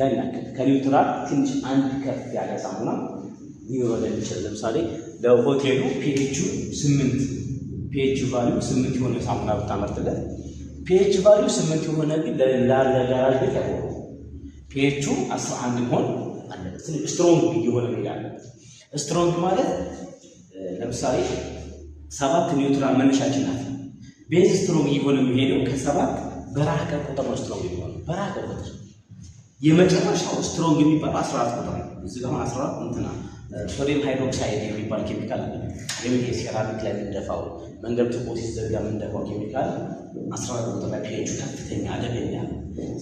ያን ያክል ከኒውትራል ትንሽ አንድ ከፍ ያለ ሳሙና ሊኖረን የሚችል ለምሳሌ ለሆቴሉ ፒኤቹ ስምንት ፒኤች ቫሉ ስምንት የሆነ ሳሙና ብታመርትለት ፒኤች ቫሉ ስምንት የሆነ ግን ለጋራጅ ቤት ያሆነ ፒኤቹ አስራ አንድ መሆን አለበት። ስትሮንግ እየሆነ ይላል። ስትሮንግ ማለት ለምሳሌ ሰባት ኒውትራል መነሻችን ናት። ቤዝ ስትሮንግ እየሆነ የሚሄደው ከሰባት በራቀ ቁጥር ነው። ስትሮንግ የሚሆነው በራቀ ቁጥር የመጨረሻው ስትሮንግ የሚባል 14 ቁጥር ነው። እዚህ ጋር 14 እንትና ሶዲየም ሃይድሮክሳይድ የሚባል ኬሚካል አለ። ወይም የሴራሚክ ላይ የምንደፋው መንገድ ቱቦ ሲዘጋ የምንደፋው ኬሚካል 14 ቁጥር ላይ ፒኤቹ ከፍተኛ አደገኛ።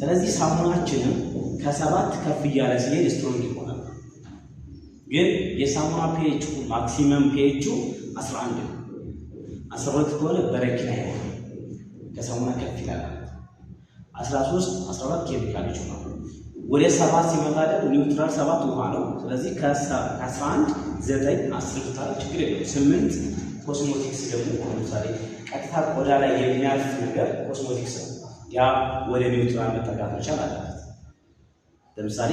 ስለዚህ ሳሙናችንም ከሰባት ከፍ እያለ ሲሄድ ስትሮንግ ይሆናል። ግን የሳሙና ፒኤቹ ማክሲመም ፒኤቹ 11 ነው። 12 ከሆነ በረኪና ይሆናል። ከሳሙና ከፍ ይላል። 13 14 ኬሚካሎች ይሆናል። ወደ ሰባት ሲመጣ ደግሞ ኒውትራል ሰባት ውሃ ነው። ስለዚህ ከአስራ አንድ ዘጠኝ አስር ታለ ችግር የለው። ስምንት ኮስሞቲክስ ደግሞ ለምሳሌ ቀጥታ ቆዳ ላይ የሚያልፍ ነገር ኮስሞቲክስ ነው። ያ ወደ ኒውትራል መጠጋት መቻል አለበት። ለምሳሌ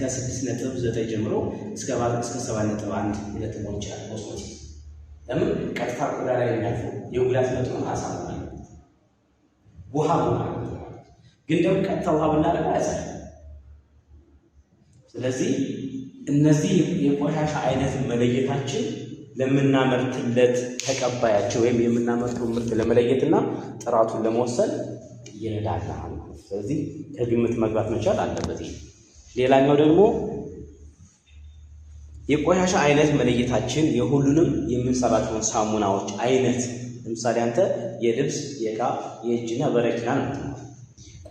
ከስድስት ነጥብ ዘጠኝ ጀምሮ እስከ ሰባት ነጥብ አንድ ሊለጥመው ይችላል ኮስሞቲክስ። ለምን ቀጥታ ቆዳ ላይ የሚያልፈው የጉዳት መጠኑ አሳ ውሃ ነው። ግን ደግሞ ቀጥታ ውሃ ብናደርገው ያሳል ስለዚህ እነዚህ የቆሻሻ አይነት መለየታችን ለምናመርትለት ተቀባያቸው ወይም የምናመርተው ምርት ለመለየትና ጥራቱን ለመወሰን ይረዳናል። ስለዚህ ከግምት መግባት መቻል አለበት። ሌላኛው ደግሞ የቆሻሻ አይነት መለየታችን የሁሉንም የምንሰራቸውን ሳሙናዎች አይነት ለምሳሌ አንተ የልብስ፣ የዕቃ፣ የእጅና በረኪና ነው።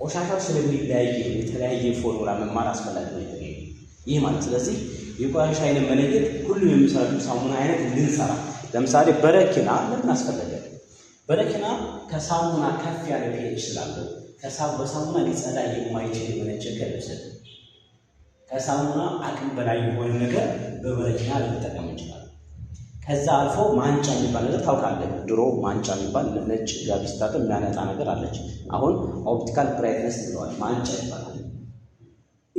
ቆሻሻ ስለሚለያየ የተለያየ ፎርሙላ መማር አስፈላጊ ነው። ይህ ማለት ስለዚህ የቆሻሻ አይነት መለየት ሁሉም የሚሰሩ ሳሙና አይነት ልንሰራ ለምሳሌ በረኪና ለምን አስፈለገ? በረኪና ከሳሙና ከፍ ያለ ፒኤች ስላለው በሳሙና ሊጸዳ የማይችል የሆነች ከልብስል ከሳሙና አቅም በላይ የሆነ ነገር በበረኪና ልንጠቀም እንችላለን። ከዛ አልፎ ማንጫ የሚባል ነገር ታውቃለህ? ድሮ ማንጫ የሚባል ነጭ ጋቢስታጥም የሚያነጣ ነገር አለች። አሁን ኦፕቲካል ብራይትነስ ብለዋል። ማንጫ ይባላል።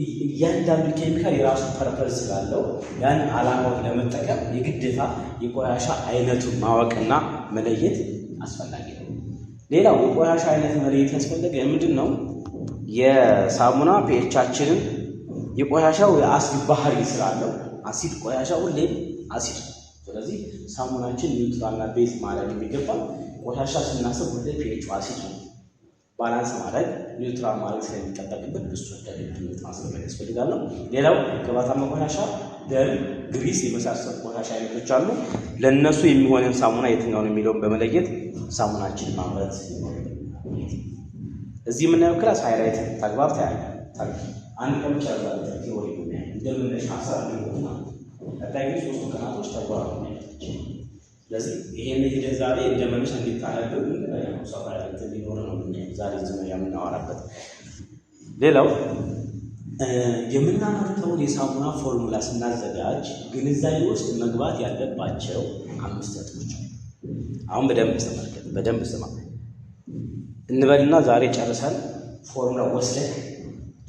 እያንዳንዱ ኬሚካል የራሱ ፐርፐዝ ስላለው ያን አላማውን ለመጠቀም የግዴታ የቆሻሻ አይነቱን ማወቅና መለየት አስፈላጊ ነው። ሌላው የቆሻሻ አይነት መለየት ያስፈለገ ምንድን ነው? የሳሙና ፒኤቻችንን የቆሻሻው የአሲድ ባህሪ ስላለው አሲድ ቆሻሻ ሁሌም አሲድ። ስለዚህ ሳሙናችን ኒውትራልና ቤዝ ማለት የሚገባል። ቆሻሻ ስናስብ ሁሌ ፒኤቹ አሲድ ነው። ባላንስ ማድረግ ኒውትራል ማድረግ ስለሚጠበቅብን እሱ ድርጅት ማስመለክ ያስፈልጋል ነው። ሌላው ቅባታማ ቆሻሻ ደም፣ ግሪስ የመሳሰሉ ቆሻሻ አይነቶች አሉ። ለእነሱ የሚሆንን ሳሙና የትኛው ነው የሚለውን በመለየት ሳሙናችን ማምረት እዚህ የምናየው ክላስ ሃይላይት ተግባር ታያለ አንድ ከምቻ ዛ ቴዎሪ እንደምነሻ ሳ ቀጣይ ሶስቱ ቀናቶች ተግባር ነው ስለዚህ ይሄን ሂደት ዛሬ እንደ መነሻ ሰፋ ያለ ሊኖር ነው ዛሬ ዝም የምናወራበት። ሌላው የምናመርተውን የሳሙና ፎርሙላ ስናዘጋጅ ግንዛቤ ውስጥ መግባት ያለባቸው አምስት ነጥቦች አሁን በደንብ ተመልከት፣ በደንብ ስማ እንበልና ዛሬ ጨርሰን ፎርሙላ ወስደህ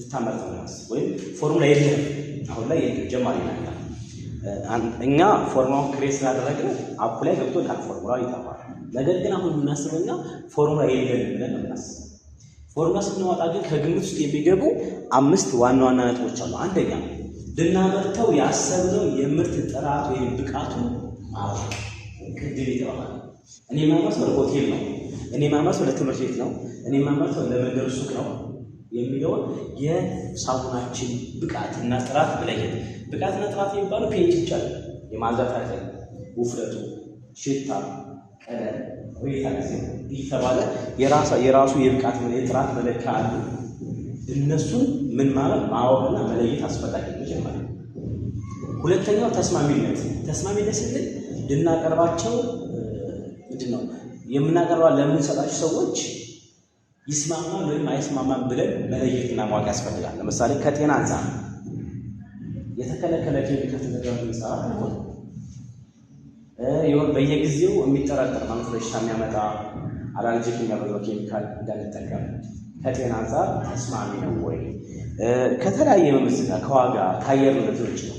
ልታመርተው ነው ወይም ፎርሙላ የለም አሁን ላይ የለም ጀማሪ ነው እኛ ፎርሙላውን ክሬት ስላደረግን አፕ ላይ ገብቶ ዳክ ፎርሙላ ይጠፋል። ነገር ግን አሁን የምናስበው እኛ ፎርሙላ የለን ብለን ነው የምናስበው። ፎርሙላ ስናወጣ ግን ከግምት ውስጥ የሚገቡ አምስት ዋና ዋና ነጥቦች አሉ። አንደኛ ልናመርተው ያሰብነው የምርት ጥራት ወይም ብቃቱ ማለት ቅድም ይጠዋል። እኔ ማመርተው ለሆቴል ነው። እኔ ማመርተው ለትምህርት ቤት ነው። እኔ ማመርተው ለመንገድ ሱቅ ነው። የሚለውን የሳሙናችን ብቃትና ጥራት መለየት። ብቃትና ጥራት የሚባለው ፔጅ ይቻል የማንዛት አይደለም፣ ውፍረቱ፣ ሽታ፣ ቀለም፣ ሁኔታ ጊዜ እየተባለ የራሱ የብቃት የጥራት መለካ አሉ። እነሱን ምን ማለት ማወቅና መለየት አስፈላጊ መጀመሪያ። ሁለተኛው ተስማሚነት። ተስማሚነት ስንል ልናቀርባቸው ምንድን ነው የምናቀርባ ለምንሰጣቸው ሰዎች ይስማማል ወይም አይስማማም ብለን መለየትና ማወቅ ያስፈልጋል። ለምሳሌ ከጤና አንጻር የተከለከለ ኬሚካል ተዘጋጅ ሰዓት አልኮል ይሁን በየጊዜው የሚጠረጠር ማለት በሽታ የሚያመጣ አላርጂክ የሚያደርገው ኬሚካል እንዳንጠቀም ከጤና አንጻር ተስማሚ ነው ወይ? ከተለያየ መመስጋ ከዋጋ ከአየር ንብረት ነው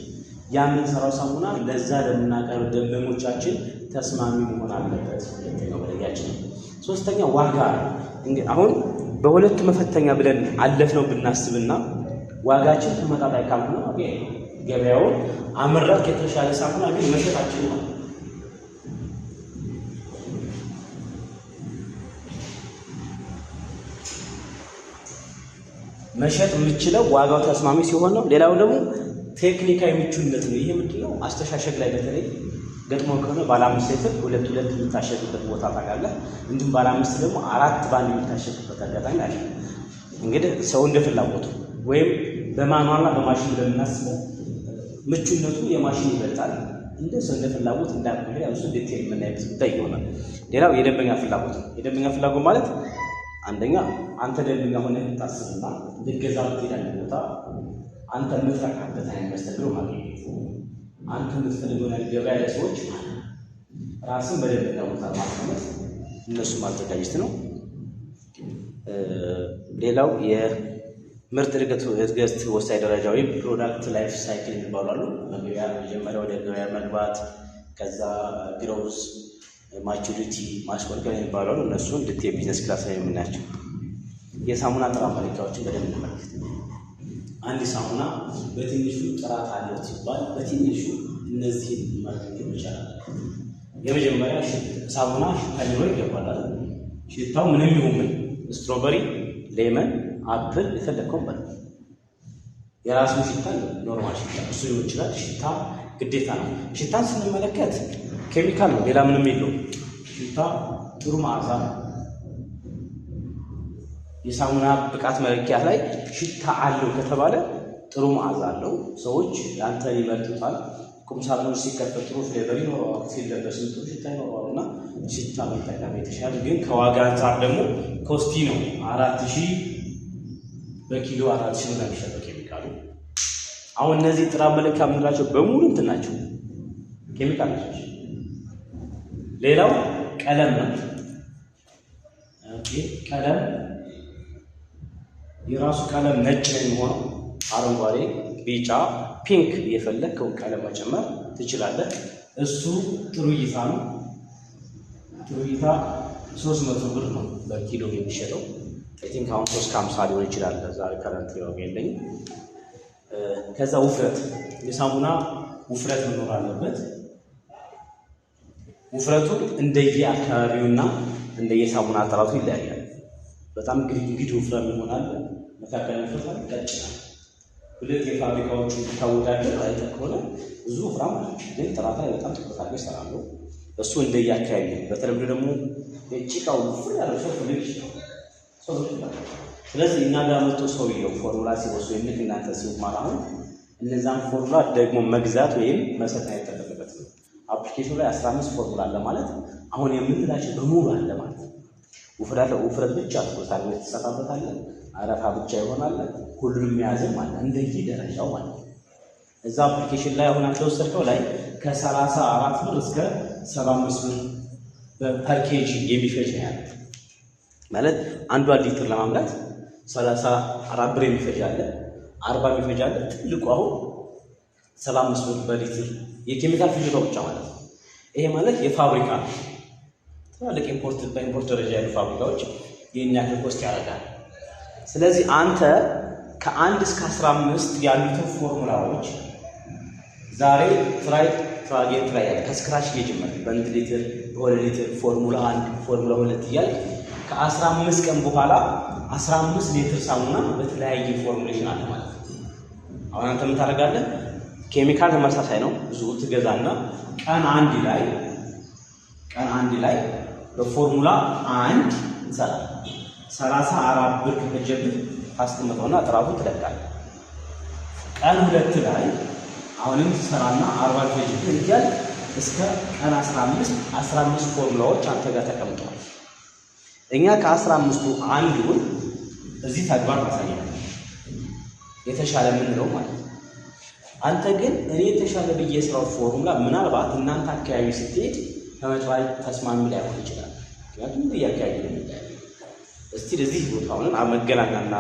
ያ የምንሰራው ሳሙና ለዛ ለምናቀርብ ደንበኞቻችን ተስማሚ መሆን አለበት። ሁለተኛው መለያችን ነው። ሶስተኛው ዋጋ ነው። አሁን በሁለቱ መፈተኛ ብለን አለፍ ነው ብናስብና ዋጋችን ተመጣጣኝ ካልሆነ ገበያውን አመራት የተሻለ ሳሙና ግን መሸጣችን ነው። መሸጥ የምችለው ዋጋው ተስማሚ ሲሆን ነው። ሌላው ደግሞ ቴክኒካዊ ምቹነት ነው። ይሄ ምንድነው አስተሻሸግ ላይ በተለይ ገጥሞ ከሆነ ባለ አምስት ሴትር ሁለት ሁለት የምታሸግበት ቦታ ታውቃለህ። እንዲሁም ባለ አምስት ደግሞ አራት በአንድ የምታሸግበት አጋጣሚ አለ። እንግዲህ ሰው እንደ ፍላጎቱ ወይም በማኗና በማሽን ለምናስበው ምቹነቱ የማሽን ይበልጣል። እንደ ሰው እንደ ፍላጎት እንዳለ ሱ እሱ እንዴት የምናይበት ጉዳይ ይሆናል። ሌላው የደንበኛ ፍላጎት ነው። የደንበኛ ፍላጎት ማለት አንደኛ አንተ ደንበኛ ሆነ ታስብና ልገዛ ትሄዳለህ ቦታ አንተ ምትረካበት አይነት መስተግብር ማለት አንተ የምትፈልገውን አይነት ገበያ ላይ ሰዎች ራስን በደንብ ቦታ ማስቀመጥ እነሱ ማዘጋጀት ነው። ሌላው የምርት እድገት ወሳኝ ደረጃ ወይም ፕሮዳክት ላይፍ ሳይክል የሚባሉ አሉ። መግቢያ መጀመሪያ ወደ ገበያ መግባት፣ ከዛ ግሮዝ፣ ማቹሪቲ፣ ማሽቆልቀል የሚባሉ አሉ። እነሱ ልት የቢዝነስ ክላስ ላይ የምናያቸው የሳሙና ጥራት መለኪያዎችን በደንብ እንመለከት። አንድ ሳሙና በትንሹ ጥራት አለው ሲባል በትንሹ እነዚህን ማድረግ ይቻላል። የመጀመሪያ ሳሙና ሽታ ሊኖር ይገባላል። ሽታው ምንም ይሁን ምን ስትሮበሪ፣ ሌመን፣ አፕል የፈለግከውን በል የራሱ ሽታ ኖርማል ሽታ እሱ ሊሆን ይችላል። ሽታ ግዴታ ነው። ሽታን ስንመለከት ኬሚካል ነው፣ ሌላ ምንም የለውም። ሽታ ጥሩ መዓዛ ነው። የሳሙና ብቃት መለኪያ ላይ ሽታ አለው ከተባለ ጥሩ መዓዛ አለው። ሰዎች አንተን ይመርጡታል። ቁምሳጥኖች ሲከፈት ጥሩ ፍሌቨር ይኖረዋል፣ ሲለበስም ጥሩ ሽታ ይኖረዋል። እና ሽታ መጠቀም የተሻለ ግን ከዋጋ አንጻር ደግሞ ኮስቲ ነው። አራት ሺህ በኪሎ አራት ሺህ ነው የሚሸጠው ኬሚካሉ። አሁን እነዚህ ጥራት መለኪያ የምንላቸው በሙሉ እንትን ናቸው፣ ኬሚካል ናቸው። ሌላው ቀለም ነው። ቀለም የራሱ ቀለም ነጭ ነው የሚሆነው። አረንጓዴ፣ ቢጫ፣ ፒንክ የፈለግከውን ቀለም መጨመር ትችላለህ። እሱ ጥሩ እይታ ነው። ጥሩ እይታ ሶስት መቶ ብር ነው በኪሎ የሚሸጠው። ቲንክ አሁን ሶስት ከሀምሳ ሊሆን ይችላል። ዛሬ ከረንት ዋጋ የለኝም። ከዛ ውፍረት የሳሙና ውፍረት መኖር አለበት። ውፍረቱ እንደየ አካባቢውና እንደየ ጥራቱ ይለያል። በጣም ግድግድ ወፍራም ይሆናል። መካከለኛ ፍርፋር ቀጭናል። ሁለት የፋብሪካዎቹ ታወዳደር አይጠ ከሆነ ብዙ ወፍራም ግን ጥራት ላይ በጣም ትኩረት አድርገው ይሰራሉ። እሱ እንደየአካባቢ በተለምዶ ደግሞ የጭቃው ፍር ያለ ሰው ፍልግ ሰው ስለዚህ እኛ ጋር መጥቶ ሰውየው ፎርሙላ ሲወስዱ ልክ እናንተ ሲሆን ማለት አሁን እነዛን ፎርሙላ ደግሞ መግዛት ወይም መሰት አይጠበቅበት ነው። አፕሊኬሽኑ ላይ አስራ አምስት ፎርሙላ አለ ማለት አሁን የምንላቸው በሙሉ አለ ማለት ነው። ውፍረት ውፍረት ብቻ ትኮሳል ትሰራበታለን። አረፋ ብቻ ይሆናል። ሁሉንም የያዝም አለ እንደዚህ ደረጃው ማለት እዛ አፕሊኬሽን ላይ አሁን አንተ ወሰድከው ላይ ከሰላሳ አራት ብር እስከ ሰባ አምስት ብር በፓኬጅ የሚፈጅ ነው ያለ ማለት አንዷ ሊትር ለማምረት ሰላሳ አራት ብር የሚፈጅ አለ፣ አርባ የሚፈጅ አለ። ትልቁ አሁን ሰባ አምስት ብር በሊትር የኬሚካል ፍጆታ ብቻ ማለት ነው። ይሄ ማለት የፋብሪካ ትላልቅ ኢምፖርት በኢምፖርት ደረጃ ያሉ ፋብሪካዎች ይህን ያክል ኮስት ያደርጋል። ስለዚህ አንተ ከአንድ እስከ አስራ አምስት ያሉትን ፎርሙላዎች ዛሬ ትራይ ትራጌት ላይ ያለ ከስክራች እየጀመረ በአንድ ሊትር በሁለት ሊትር ፎርሙላ አንድ ፎርሙላ ሁለት እያል ከአስራ አምስት ቀን በኋላ አስራ አምስት ሊትር ሳሙና በተለያየ ፎርሙሌሽን አለ ማለት ነው። አሁን አንተ ምን ኬሚካል ተመሳሳይ ነው። ብዙ ትገዛና ቀን አንድ ላይ ቀን አንድ ላይ በፎርሙላ አንድ እንሰራለን። ሰላሳ አራት ብር ከፈጀብህ ታስቀምጠውና ጥራቱ ትለቃለህ። ቀን ሁለት ላይ አሁንም ትሰራና አርባ ከፈጀብህ እያልክ እስከ ቀን አስራ አምስት አስራ አምስት ፎርሙላዎች አንተ ጋር ተቀምጠዋል። እኛ ከአስራ አምስቱ አንዱን እዚህ ተግባር ታሳያለህ። የተሻለ የምንለው ማለት ነው። አንተ ግን እኔ የተሻለ ብዬ ስራው ፎርሙላ ምናልባት እናንተ አካባቢ ስትሄድ ከመጫ ተስማሚ ላይሆን ይችላል። ምክንያቱም እያካሄድ እስቲ ለዚህ ቦታ ሆነን መገናኛና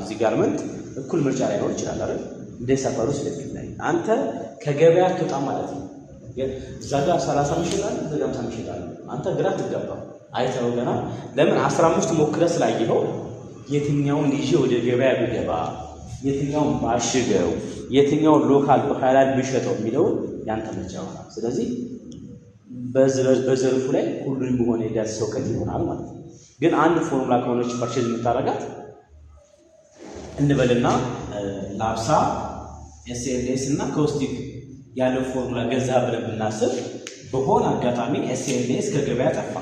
እዚህ ጋርመንት እኩል ምርጫ ላይኖር ይችላል አይደል? እንደ ሰፈሩ ስለሚለያይ አንተ ከገበያ ትወጣ ማለት ነው። እዛ ጋር ሰላሳ ምሽላል እዛ ጋር ምሳ ምሽላል። አንተ ግራ ትገባ አይተው ገና ለምን አስራ ሞክረ ስላየኸው የትኛውን ይዤ ወደ ገበያ ብገባ የትኛውን ባሽገው የትኛውን ሎካል ባህላል ብሸጠው የሚለውን ያንተ ምርጫ ይሆናል። ስለዚህ በዘርፉ ላይ ሁሉንም የሆነ የዳሰሰ እውቀት ይሆናል ማለት ነው። ግን አንድ ፎርሙላ ከሆነች ፐርቼዝ የምታደርጋት እንበልና ላብሳ ኤስኤልኤስ እና ኮስቲክ ያለው ፎርሙላ ገዛ ብለን ብናስብ በሆነ አጋጣሚ ኤስኤልኤስ ከገበያ ጠፋ።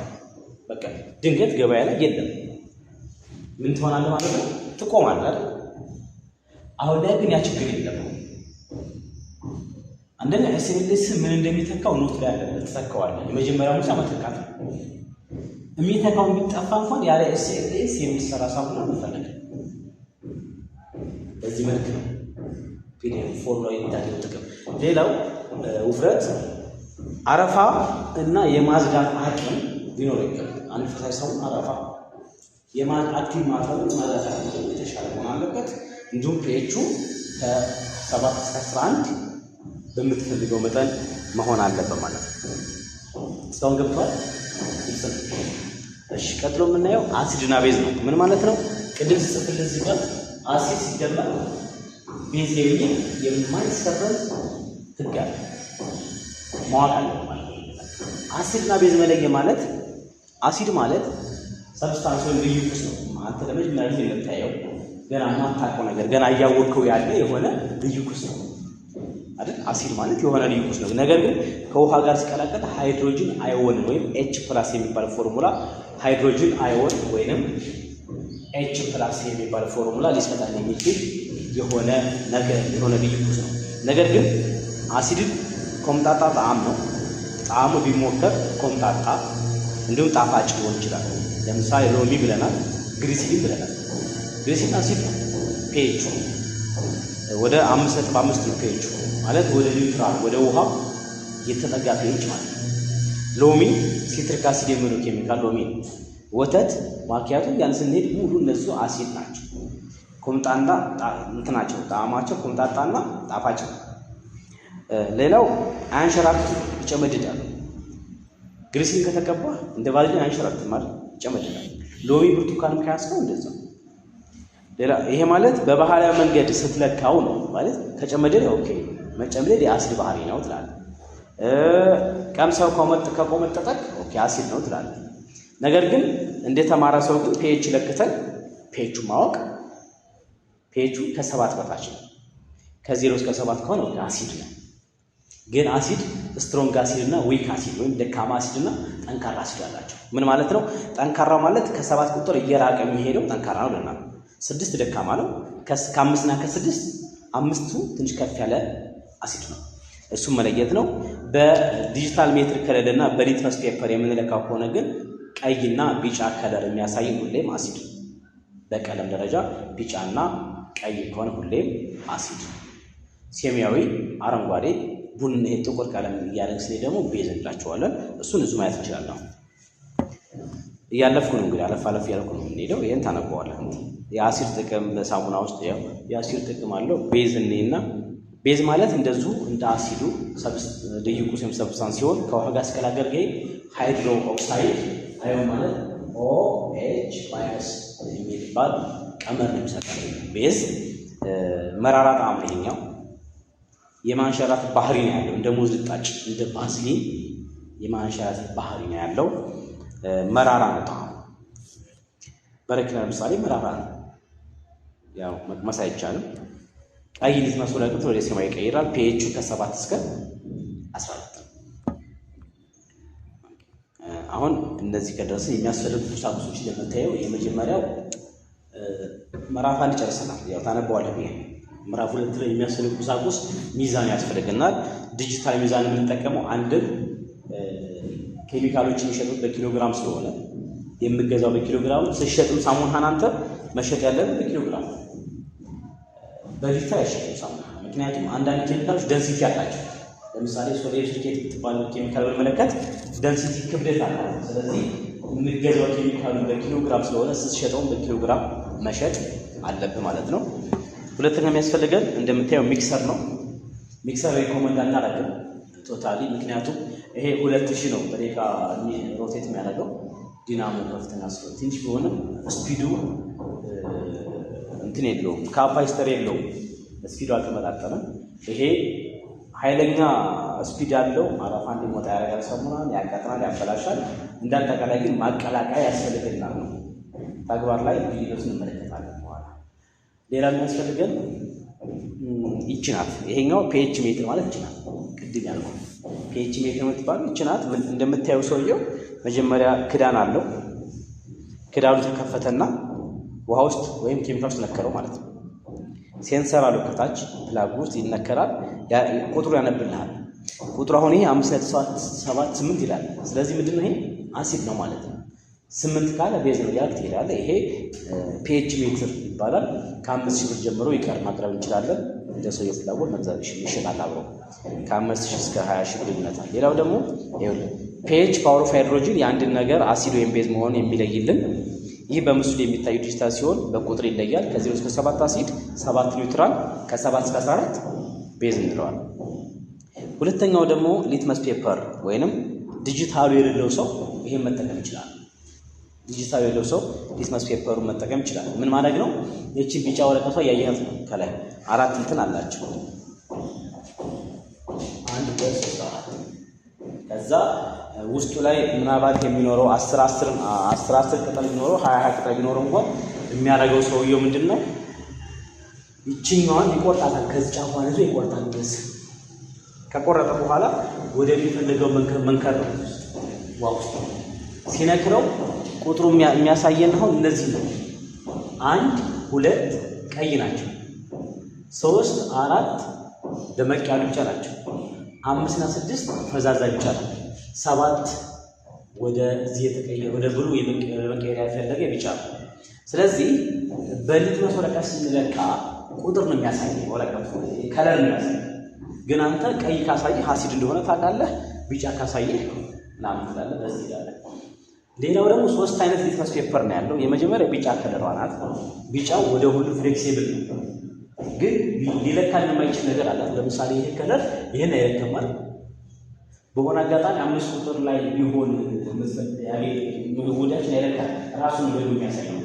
በቃ ድንገት ገበያ ላይ የለም። ምን ትሆናለህ ማለት ነው? ትቆማለህ። አሁን ላይ ግን ያ ችግር የለም። አንደኛ ኤስኤልኤስ ምን እንደሚተካው ኖት ላይ አለ ትተካዋለህ። የመጀመሪያው ምርጫ መተካት ነው። የሚተካው የሚጠፋ እንኳን ያለ ኤስኤልኤስ የሚሰራ ሳሙና መፈለግ። በዚህ መልክ ነው ፒዲኤፍ ፎሎ ላይ ጥቅም። ሌላው ውፍረት፣ አረፋ እና የማዝጋት አቅም ሊኖር ይገባል። አንድ ፈሳሽ ሳሙና አረፋ አክቲቭ ማጠሩ ማጽዳት የተሻለ መሆን አለበት። እንዲሁም ፒኤቹ ከሰባት እስከ አስራ አንድ በምትፈልገው መጠን መሆን አለበት ማለት ነው። እስካሁን ገብቷል። እሺ፣ ቀጥሎ የምናየው አሲድና ቤዝ ነው። ምን ማለት ነው? ቅድም ሲጽፍልን ሲባል አሲድ ሲደመር ቤዝ የሚል የማይሰረዝ ህግ አለ ማወቅ አለ ማለት ነው። አሲድና ቤዝ መለየ ማለት አሲድ ማለት ሰብስታንስ ወይም ልዩ ቁስ ነው። አንተ ለመጀመሪያ ጊዜ የምታየው ገና የማታውቀው ነገር ገና እያወቅከው ያለ የሆነ ልዩ ቁስ ነው። አይደል? አሲድ ማለት የሆነ ሊኩስ ነው። ነገር ግን ከውሃ ጋር ሲቀላቀል ሃይድሮጅን አይወን ወይም ኤች ፕላስ የሚባል ፎርሙላ ሃይድሮጅን አዮን ወይንም ኤች ፕላስ የሚባል ፎርሙላ ሊሰጣን የሚችል የሆነ ነገር የሆነ ሊኩስ ነው። ነገር ግን አሲድን ኮምጣጣ ጣዕም ነው። ጣዕሙ ቢሞከር ኮምጣጣ፣ እንዲሁም ጣፋጭ ሊሆን ይችላል። ለምሳሌ ሎሚ ብለናል፣ ግሪሲሊን ብለናል። ግሪሲሊን አሲድ ነው። ወደ አምስት ነጥብ አምስት ነው ማለት ወደ ኒውትራል ወደ ውሃ የተጠጋ ፔጅ ማለት ነው። ሎሚ ሲትሪክ አሲድ የሚለው ኬሚካል ሎሚ ነው። ወተት ማኪያቱ ያን ስንሄድ ሙሉ እነሱ አሲድ ናቸው። ኮምጣና እንትናቸው ጣዕማቸው ኮምጣጣና ጣፋጭ ሌላው አንሸራክቱ ይጨመድዳሉ። ግሪሲን ከተቀባ እንደ ቫዝሊን አንሸራክቱ ማለት ይጨመድዳሉ። ሎሚ ብርቱካን ከያዝከው እንደዛ። ሌላ ይሄ ማለት በባህላዊ መንገድ ስትለካው ነው ማለት ከጨመደል ኦኬ መጨምደድ የአሲድ ባህሪ ነው ትላለህ። ቀምሰው ከቆመጠጠቅ ኦኬ አሲድ ነው ትላለህ። ነገር ግን እንደተማረ ሰው ግን ፒኤች ለክተን ፒኤቹ ማወቅ ፒኤቹ ከሰባት በታች ነው። ከዜሮ እስከ ሰባት ከሆነ አሲድ ነው። ግን አሲድ ስትሮንግ አሲድ እና ዊክ አሲድ ወይም ደካማ አሲድ እና ጠንካራ አሲድ አላቸው። ምን ማለት ነው? ጠንካራ ማለት ከሰባት ቁጥር እየራቀ የሚሄደው ጠንካራ ነው ብለናል። ስድስት ደካማ ነው። ከአምስትና ከስድስት አምስቱ ትንሽ ከፍ ያለ አሲድ ነው። እሱም መለየት ነው። በዲጂታል ሜትር ከለር እና በሊትመስ ፔፐር የምንለካው ከሆነ ግን ቀይና ቢጫ ከለር የሚያሳይ ሁሌም አሲድ፣ በቀለም ደረጃ ቢጫና ቀይ ከሆነ ሁሌም አሲድ፣ ሰማያዊ፣ አረንጓዴ፣ ቡኒ፣ ጥቁር ቀለም እያደረግ ስኔ ደግሞ ቤዝ እንላቸዋለን። እሱን እዙ ማየት እንችላለን። እያለፍኩ ነው እንግዲህ አለፍ አለፍ እያልኩ ነው የምንሄደው። ይህን ታነበዋለህ። የአሲድ ጥቅም በሳሙና ውስጥ የአሲድ ጥቅም አለው ቤዝ እኔና ቤዝ ማለት እንደዙ እንደ አሲዱ ልዩ ቁስ ወይም ሰብስታንስ ሲሆን ከውሃ ጋር ሲቀላቀል ጊዜ ሃይድሮ ኦክሳይድ አዮን ማለት ኦ ኤች ማይነስ የሚባል ቀመር ነው የሚሰጠው። ቤዝ መራራ ጣዕም ነው ይሄኛው። የማንሸራት ባህሪ ነው ያለው። እንደ ሙዝ ልጣጭ፣ እንደ ቫዝሊን የማንሸራት ባህሪ ነው ያለው። መራራ ነው ጣዕሙ። በረኪና ለምሳሌ መራራ ነው፣ ያው መቅመስ አይቻልም። ቀይ ልጅ መስሎ ለቅት ወደ ሰማይ ይቀይራል። ፒኤቹ ከሰባት እስከ አስራ አራት ነው። አሁን እነዚህ ከደረሰ የሚያስፈልጉ ቁሳቁሶች እንደምታየው የመጀመሪያው ምዕራፍ አንድ ጨርሰናል። ያው ታነበዋለህ። ይሄ ምዕራፍ ሁለት ላይ የሚያስፈልግ ቁሳቁስ ሚዛን ያስፈልገናል። ዲጂታል ሚዛን የምንጠቀመው አንድ ኬሚካሎች የሚሸጡት በኪሎግራም ስለሆነ የምገዛው በኪሎግራም ስሸጥም ሳሙን አንተ መሸጥ ያለብህ በኪሎግራም ነው። በልቹ አይሸጡም ሳሙና። ምክንያቱም አንዳንድ ኬሚካሎች ደንሲቲ አላቸው። ለምሳሌ ሶዲየም ሲትሬት የምትባለ ኬሚካል ብንመለከት ደንሲቲ ክብደት አለ። ስለዚህ የምገዛው ኬሚካሉ በኪሎግራም ስለሆነ ስትሸጠውን በኪሎግራም መሸጥ አለብ ማለት ነው። ሁለተኛ የሚያስፈልገን እንደምታየው ሚክሰር ነው። ሚክሰር ሪኮመንድ አናደርግም ቶታሊ፣ ምክንያቱም ይሄ ሁለት ሺ ነው በደቂቃ ሮቴት የሚያደርገው ዲናሞ ከፍተኛ ስለሆነ ትንሽ ቢሆንም ስፒዱ እንትን የለውም ካፓስተር የለውም ስፒዱ አልተመጣጠንም። ይሄ ኃይለኛ ስፒድ ያለው አረፋ እንዲሞጣ ያደርጋል፣ ሰሙናን ያቃጥናል፣ ያበላሻል። እንደ ግን ማቀላቀያ ያስፈልገናል ነው ተግባር ላይ ልዩነት እንመለከታለን በኋላ። ሌላ የሚያስፈልገን ይችናት ይሄኛው ፒኤች ሜትር ማለት ይቺ ቅድም ያልኩት ፒኤች ሜትር የምትባለው ይችናት። እንደምታየው ሰውየው መጀመሪያ ክዳን አለው። ክዳኑ ተከፈተና ውሃ ውስጥ ወይም ኬሚካል ውስጥ ነከረው ማለት ነው። ሴንሰር አሉ ከታች ፕላግ ውስጥ ይነከራል። ቁጥሩ ያነብልሃል። ቁጥሩ አሁን ይሄ አምስት ሰባት ስምንት ይላል። ስለዚህ ምንድን ነው ይሄ አሲድ ነው ማለት ነው። ስምንት ካለ ቤዝ ነው ያክት ትሄዳለህ። ይሄ ፒኤች ሜትር ይባላል። ከአምስት ሺህ ብር ጀምሮ ይቀር ማቅረብ እንችላለን። እንደ ሰው ፍላጎት መግዛት ይችላል። አብረው ከአምስት ሺህ እስከ ሀያ ሺህ ብር ይመጣል። ሌላው ደግሞ ፒኤች ፓወር ኦፍ ሃይድሮጅን የአንድን ነገር አሲድ ወይም ቤዝ መሆኑን የሚለይልን ይህ በምስሉ የሚታዩ ዲጂታል ሲሆን በቁጥር ይለያል። ከ0 እስከ 7 አሲድ፣ 7 ኒውትራል፣ ከ7 እስከ 14 ቤዝ እንለዋል። ሁለተኛው ደግሞ ሊትመስ ፔፐር ወይንም ዲጂታሉ የሌለው ሰው ይሄን መጠቀም ይችላል። ዲጂታሉ የሌለው ሰው ሊትመስ ፔፐሩን መጠቀም ይችላል። ምን ማድረግ ነው? ይህችን ቢጫ ወረቀቷ ያየህት ነው። ከላይ አራት እንትን አላቸው። አንድ ሁለት ሶስት አራት ከዛ ውስጡ ላይ ምናልባት የሚኖረው አስር አስር ቅጠል ቢኖረው ሀያ ሀያ ቅጠል ቢኖረው እንኳን የሚያደርገው ሰውየው ምንድን ነው? ይችኛዋን ይቆርጣታል። ከዚህ ጫፏን ይዞ ይቆርጣል። ከቆረጠ በኋላ ወደሚፈልገው መንከር ነው። ዋ ውስጥ ሲነክረው ቁጥሩ የሚያሳየን አሁን እነዚህ ነው። አንድ ሁለት ቀይ ናቸው። ሶስት አራት ደመቅ ያሉ ብቻ ናቸው። አምስትና ስድስት ፈዛዛ ብቻ ናቸው። ሰባት ወደዚህ የተቀየረ ወደ ብሉ የመቀየር ያልፈለገ ቢጫ ነው። ስለዚህ በሊትመስ ወረቀት ስንለካ ቁጥር ነው የሚያሳይ ወረቀቱ ከለር ነው የሚያሳይ። ግን አንተ ቀይ ካሳየህ አሲድ እንደሆነ ታውቃለህ፣ ቢጫ ካሳየህ ምናምን ትላለህ። በዚህ ይላል። ሌላው ደግሞ ሶስት አይነት ሊትመስ ፔፐር ነው ያለው። የመጀመሪያ ቢጫ ከለሯ ናት። ቢጫው ወደ ሁሉ ፍሌክሲብል ነው፣ ግን ሊለካ የማይችል ነገር አላት። ለምሳሌ ይህ ከለር ይህን አይለከማል በሆነ አጋጣሚ አምስት ቁጥር ላይ ቢሆን ጉዳችን ያለካል ራሱን ወደ የሚያሳይ ነው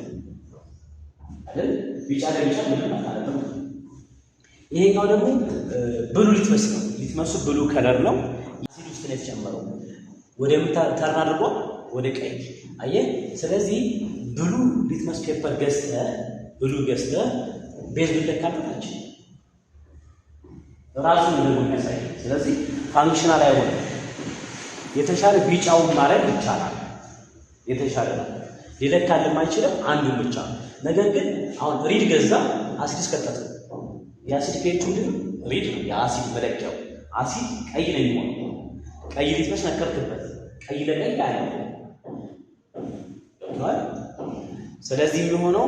አይደል? ቢጫ ለቢጫ ምንም አታረግም። ይሄኛው ደግሞ ብሉ ሊትመስ ነው። ሊትመሱ ብሉ ከለር ነው። አሲድ ውስጥ ነው የተጨመረው። ወደ ተርን አድርጎ ወደ ቀይ አየ። ስለዚህ ብሉ ሊትመስ ፔፐር ገዝተ ብሉ ገዝተ ቤዝ ብለካልታችን ራሱን ደግሞ የሚያሳይ ስለዚህ ፋንክሽናል አይሆንም። የተሻለ ቢጫውን ማድረግ ይቻላል። የተሻለ ነው። ሊለካ አይችልም አንዱ ብቻ። ነገር ግን አሁን ሪድ ገዛ አሲድ እስከተተ የአሲድ ፔቹ ምንድን ሪድ ነው። የአሲድ መለኪያው አሲድ ቀይ ነው የሚሆነው። ቀይ ሊትመስ ነከርክበት ቀይ ለቀይ አለ። ስለዚህ የሚሆነው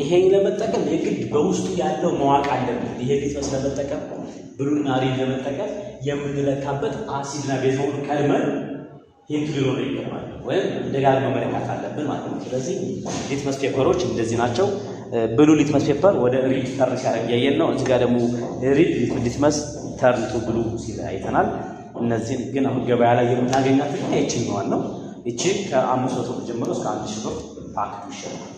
ይሄን ለመጠቀም የግድ በውስጡ ያለው መዋቅ አለብን። ይሄ ሊትመስ ለመጠቀም ብሉና ሪድ ለመጠቀም የምንለካበት አሲድና ቤዛውን ቀድመን ሂንት ሊኖር ይገባል፣ ወይም ደጋግመን መመለካት አለብን ማለት ነው። ስለዚህ ሊትመስ ፔፐሮች እንደዚህ ናቸው። ብሉ ሊትመስ ፔፐር ወደ ሪድ ተር ሲያደርግ ያየን ነው። እዚጋ ደግሞ ሪድ ሊትመስ ተርን ቱ ብሉ ሲል አይተናል። እነዚህን ግን አሁን ገበያ ላይ የምናገኛት ይችኛዋን ነው። ይቺ ከአምስት መቶ ብር ጀምሮ እስከ አንድ ሺህ ብር ፓክ ይሸጣል።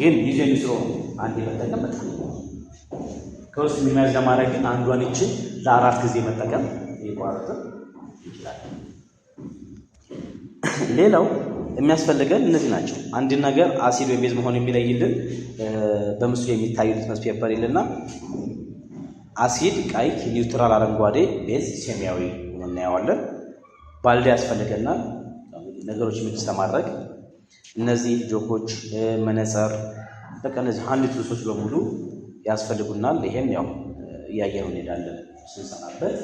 ግን ጊዜ ሚስሮ አንድ በጠቀም በጣም ከውስጥ የሚመዝ ለማድረግ ግን አንዷን እችን ለአራት ጊዜ መጠቀም ሊቋረጥም ይችላል። ሌላው የሚያስፈልገን እነዚህ ናቸው። አንድ ነገር አሲድ ወይም ቤዝ መሆን የሚለይልን በምስሉ የሚታዩ ሊትመስ ፔፐር ይልና አሲድ ቀይ፣ ኒውትራል አረንጓዴ፣ ቤዝ ሰማያዊ እናየዋለን። ባልዲ ያስፈልገናል። ነገሮች ሚክስ ለማድረግ እነዚህ ጆኮች፣ መነጽር በቃ እነዚህ ሀንድ ቱልሶች በሙሉ ያስፈልጉናል። ይሄን ያው እያየን እንሄዳለን ስንሰናበት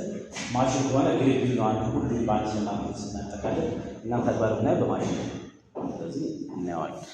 ማሽን ከሆነ ግሪድ ነው አንዱ ሁሉ በአንድ ስናጠቃለን እናም ተግባር ብናይ በማሽን ነው። ስለዚህ እናየዋለን።